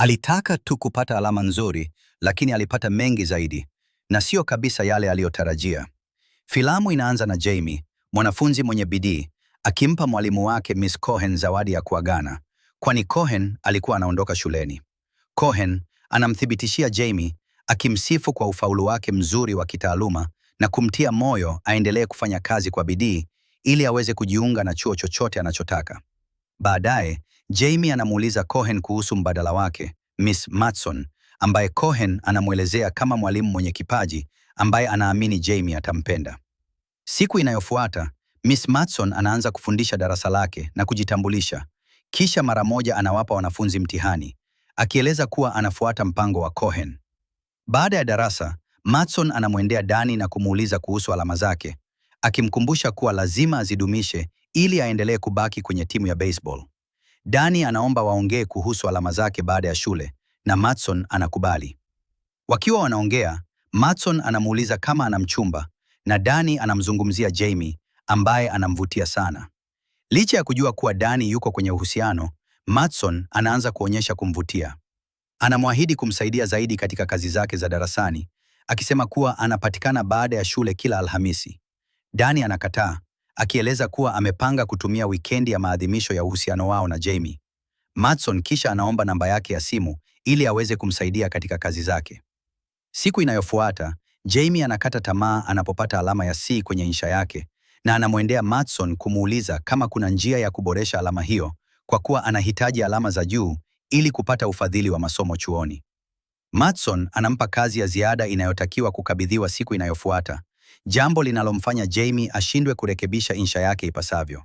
Alitaka tu kupata alama nzuri, lakini alipata mengi zaidi na sio kabisa yale aliyotarajia. Filamu inaanza na Jamie, mwanafunzi mwenye bidii, akimpa mwalimu wake Miss Cohen zawadi ya kuagana, kwani Cohen alikuwa anaondoka shuleni. Cohen anamthibitishia Jamie, akimsifu kwa ufaulu wake mzuri wa kitaaluma na kumtia moyo aendelee kufanya kazi kwa bidii ili aweze kujiunga na chuo chochote anachotaka. Baadaye Jamie anamuuliza Cohen kuhusu mbadala wake, Miss Matson, ambaye Cohen anamwelezea kama mwalimu mwenye kipaji ambaye anaamini Jamie atampenda. Siku inayofuata, Miss Matson anaanza kufundisha darasa lake na kujitambulisha. Kisha mara moja anawapa wanafunzi mtihani, akieleza kuwa anafuata mpango wa Cohen. Baada ya darasa, Matson anamwendea Dani na kumuuliza kuhusu alama zake, akimkumbusha kuwa lazima azidumishe ili aendelee kubaki kwenye timu ya baseball. Dani anaomba waongee kuhusu alama zake baada ya shule na Matson anakubali. Wakiwa wanaongea, Matson anamuuliza kama anamchumba na Dani anamzungumzia Jamie ambaye anamvutia sana. Licha ya kujua kuwa Dani yuko kwenye uhusiano, Matson anaanza kuonyesha kumvutia. Anamwahidi kumsaidia zaidi katika kazi zake za darasani, akisema kuwa anapatikana baada ya shule kila Alhamisi. Dani anakataa akieleza kuwa amepanga kutumia wikendi ya maadhimisho ya uhusiano wao na Jamie. matson kisha anaomba namba yake ya simu ili aweze kumsaidia katika kazi zake. Siku inayofuata, Jamie anakata tamaa anapopata alama ya C kwenye insha yake na anamwendea matson kumuuliza kama kuna njia ya kuboresha alama hiyo kwa kuwa anahitaji alama za juu ili kupata ufadhili wa masomo chuoni. matson anampa kazi ya ziada inayotakiwa kukabidhiwa siku inayofuata jambo linalomfanya Jamie ashindwe kurekebisha insha yake ipasavyo.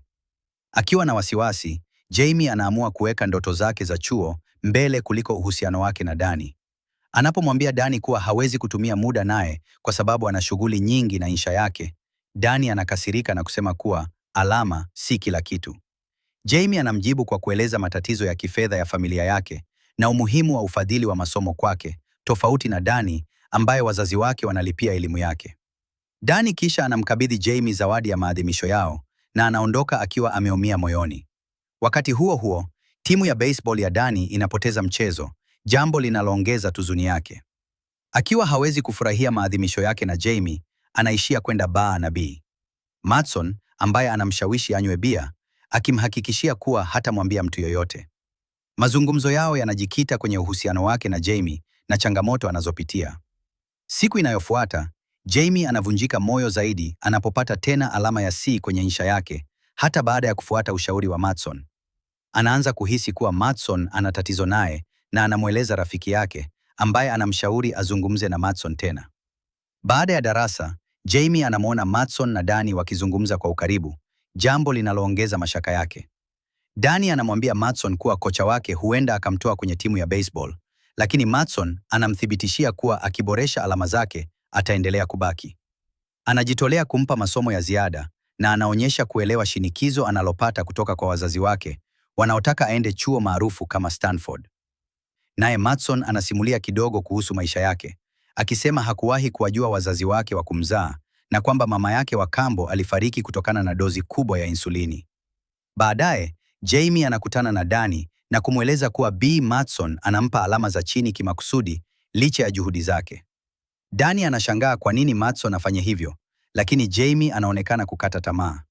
Akiwa na wasiwasi, Jamie anaamua kuweka ndoto zake za chuo mbele kuliko uhusiano wake na Dani. Anapomwambia Dani kuwa hawezi kutumia muda naye kwa sababu ana shughuli nyingi na insha yake, Dani anakasirika na kusema kuwa alama si kila kitu. Jamie anamjibu kwa kueleza matatizo ya kifedha ya familia yake na umuhimu wa ufadhili wa masomo kwake, tofauti na Dani ambaye wazazi wake wanalipia elimu yake. Dani kisha anamkabidhi Jamie zawadi ya maadhimisho yao na anaondoka akiwa ameumia moyoni. Wakati huo huo, timu ya baseball ya Dani inapoteza mchezo, jambo linaloongeza huzuni yake. Akiwa hawezi kufurahia maadhimisho yake na Jamie, anaishia kwenda baa na Bi. Matson ambaye anamshawishi anywe bia, akimhakikishia kuwa hatamwambia mtu yoyote. Mazungumzo yao yanajikita kwenye uhusiano wake na Jamie na changamoto anazopitia. Siku inayofuata, Jamie anavunjika moyo zaidi anapopata tena alama ya C kwenye insha yake, hata baada ya kufuata ushauri wa Matson. Anaanza kuhisi kuwa Matson ana tatizo naye na anamweleza rafiki yake ambaye anamshauri azungumze na Matson tena. Baada ya darasa, Jamie anamwona Matson na Dani wakizungumza kwa ukaribu, jambo linaloongeza mashaka yake. Dani anamwambia Matson kuwa kocha wake huenda akamtoa kwenye timu ya baseball, lakini Matson anamthibitishia kuwa akiboresha alama zake ataendelea kubaki. Anajitolea kumpa masomo ya ziada na anaonyesha kuelewa shinikizo analopata kutoka kwa wazazi wake wanaotaka aende chuo maarufu kama Stanford. Naye Matson anasimulia kidogo kuhusu maisha yake, akisema hakuwahi kuwajua wazazi wake wa kumzaa na kwamba mama yake wa kambo alifariki kutokana na dozi kubwa ya insulini. Baadaye, Jamie anakutana na Danny na kumweleza kuwa B Matson anampa alama za chini kimakusudi licha ya juhudi zake dani anashangaa kwa nini Matsu anafanya hivyo, lakini Jamie anaonekana kukata tamaa.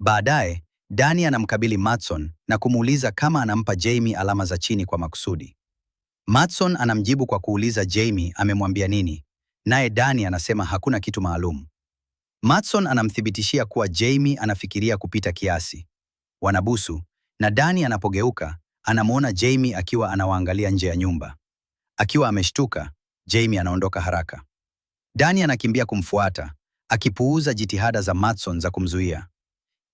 Baadaye, dani anamkabili Matson na kumuuliza kama anampa Jamie alama za chini kwa makusudi. Matson anamjibu kwa kuuliza Jamie amemwambia nini, naye dani anasema hakuna kitu maalum. Matson anamthibitishia kuwa Jamie anafikiria kupita kiasi. Wanabusu na dani anapogeuka, anamwona Jamie akiwa anawaangalia nje ya nyumba. Akiwa ameshtuka, Jamie anaondoka haraka. Dani anakimbia kumfuata, akipuuza jitihada za Matson za kumzuia.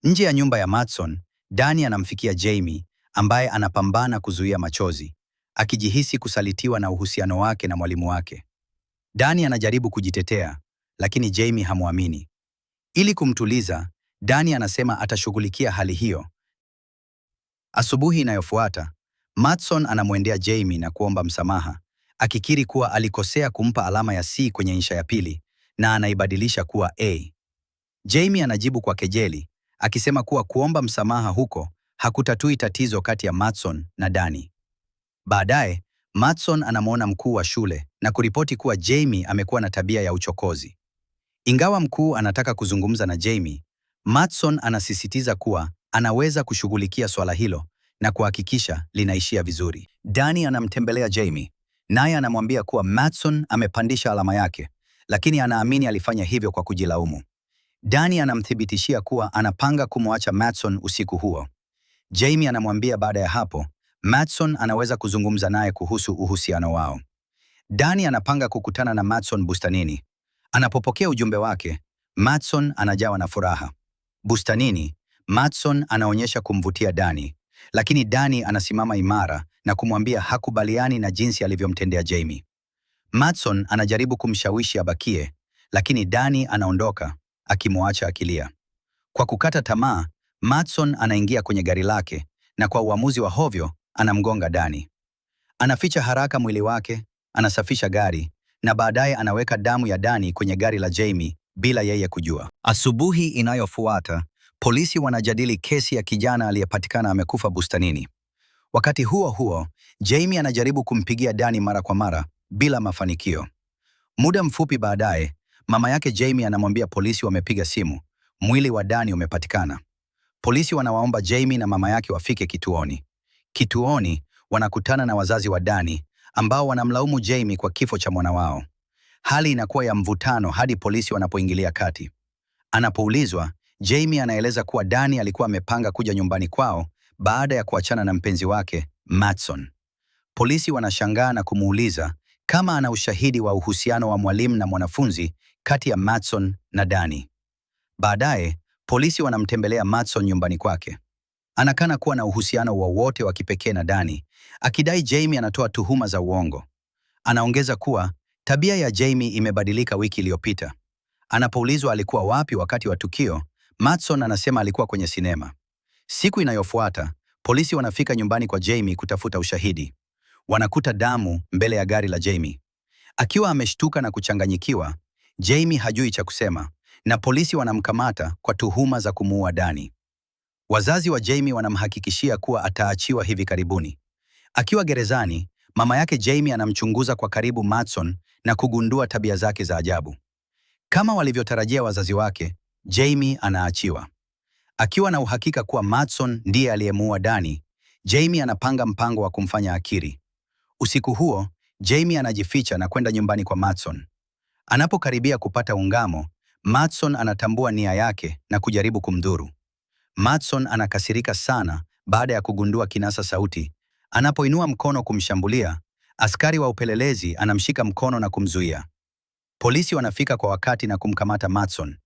Nje ya nyumba ya Matson, Dani anamfikia Jamie ambaye anapambana kuzuia machozi, akijihisi kusalitiwa na uhusiano wake na mwalimu wake. Dani anajaribu kujitetea, lakini Jamie hamwamini. Ili kumtuliza, Dani anasema atashughulikia hali hiyo. Asubuhi inayofuata, Matson anamwendea Jamie na kuomba msamaha, akikiri kuwa alikosea kumpa alama ya C kwenye insha ya pili na anaibadilisha kuwa A. Jamie anajibu kwa kejeli akisema kuwa kuomba msamaha huko hakutatui tatizo kati ya Matson na Dani. Baadaye, Matson anamwona mkuu wa shule na kuripoti kuwa Jamie amekuwa na tabia ya uchokozi. Ingawa mkuu anataka kuzungumza na Jamie, Matson anasisitiza kuwa anaweza kushughulikia swala hilo na kuhakikisha linaishia vizuri. Dani anamtembelea Jamie naye anamwambia kuwa Matson amepandisha alama yake, lakini anaamini alifanya hivyo kwa kujilaumu. Danny anamthibitishia kuwa anapanga kumwacha Matson usiku huo. Jamie anamwambia baada ya hapo Matson anaweza kuzungumza naye kuhusu uhusiano wao. Danny anapanga kukutana na Matson bustanini. Anapopokea ujumbe wake, Matson anajawa na furaha. Bustanini, Matson anaonyesha kumvutia Danny, lakini Danny anasimama imara na kumwambia hakubaliani na jinsi alivyomtendea Jamie. Matson anajaribu kumshawishi abakie, lakini dani anaondoka akimwacha akilia. Kwa kukata tamaa, Matson anaingia kwenye gari lake na kwa uamuzi wa hovyo anamgonga dani Anaficha haraka mwili wake, anasafisha gari na baadaye anaweka damu ya dani kwenye gari la Jamie bila yeye kujua. Asubuhi inayofuata, polisi wanajadili kesi ya kijana aliyepatikana amekufa bustanini. Wakati huo huo, Jamie anajaribu kumpigia Dani mara kwa mara bila mafanikio. Muda mfupi baadaye, mama yake Jamie anamwambia polisi wamepiga simu, mwili wa Dani umepatikana. Polisi wanawaomba Jamie na mama yake wafike kituoni. Kituoni wanakutana na wazazi wa Dani ambao wanamlaumu Jamie kwa kifo cha mwana wao. Hali inakuwa ya mvutano hadi polisi wanapoingilia kati. Anapoulizwa, Jamie anaeleza kuwa Dani alikuwa amepanga kuja nyumbani kwao baada ya kuachana na mpenzi wake Matson. Polisi wanashangaa na kumuuliza kama ana ushahidi wa uhusiano wa mwalimu na mwanafunzi kati ya Matson na Dani. Baadaye, polisi wanamtembelea Matson nyumbani kwake. Anakana kuwa na uhusiano wowote wa, wa kipekee na Dani, akidai Jamie anatoa tuhuma za uongo. Anaongeza kuwa tabia ya Jamie imebadilika wiki iliyopita. Anapoulizwa alikuwa wapi wakati wa tukio, Matson anasema alikuwa kwenye sinema. Siku inayofuata polisi wanafika nyumbani kwa Jamie kutafuta ushahidi. Wanakuta damu mbele ya gari la Jamie. Akiwa ameshtuka na kuchanganyikiwa, Jamie hajui cha kusema na polisi wanamkamata kwa tuhuma za kumuua Dani. Wazazi wa Jamie wanamhakikishia kuwa ataachiwa hivi karibuni. Akiwa gerezani, mama yake Jamie anamchunguza kwa karibu Matson na kugundua tabia zake za ajabu. Kama walivyotarajia wazazi wake, Jamie anaachiwa. Akiwa na uhakika kuwa matson ndiye aliyemuua Danny, Jamie anapanga mpango wa kumfanya akiri. Usiku huo, Jamie anajificha na kwenda nyumbani kwa matson Anapokaribia kupata ungamo, matson anatambua nia yake na kujaribu kumdhuru. matson anakasirika sana baada ya kugundua kinasa sauti. Anapoinua mkono kumshambulia, askari wa upelelezi anamshika mkono na kumzuia. Polisi wanafika kwa wakati na kumkamata matson